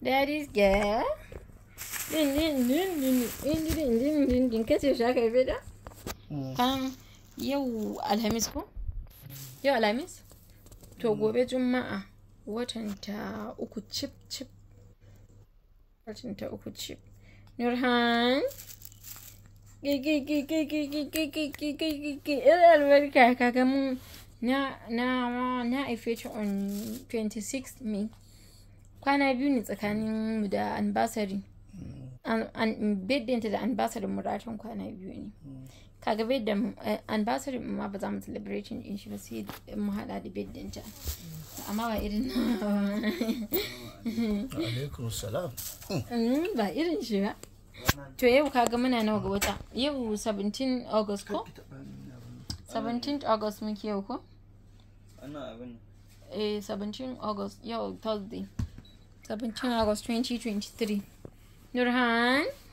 That is girl. Din din din din din din din din din kace shi da? Kan yau Alhamis ko? Yau Alhamis? To gobe Juma'a watan ta uku cip cip. Watan ta uku Nurhan. na na na on 26 May. kwana biyu ne tsakanin mu da anbasari beddinta da anbasari muratan kwana biyu ne ka kaga beddin eh, anbasari ma ba za mu celebrating din shi ba sai mu hada da beddinta amma ba irin na alaikum salam hmm, ba irin shi ba to yau ka ga muna nawa ga wata yau 17 august ko 17 august muke yau ko ana abin eh 17 august yau thursday Sabun cina aku strange strange tadi. Nurhan.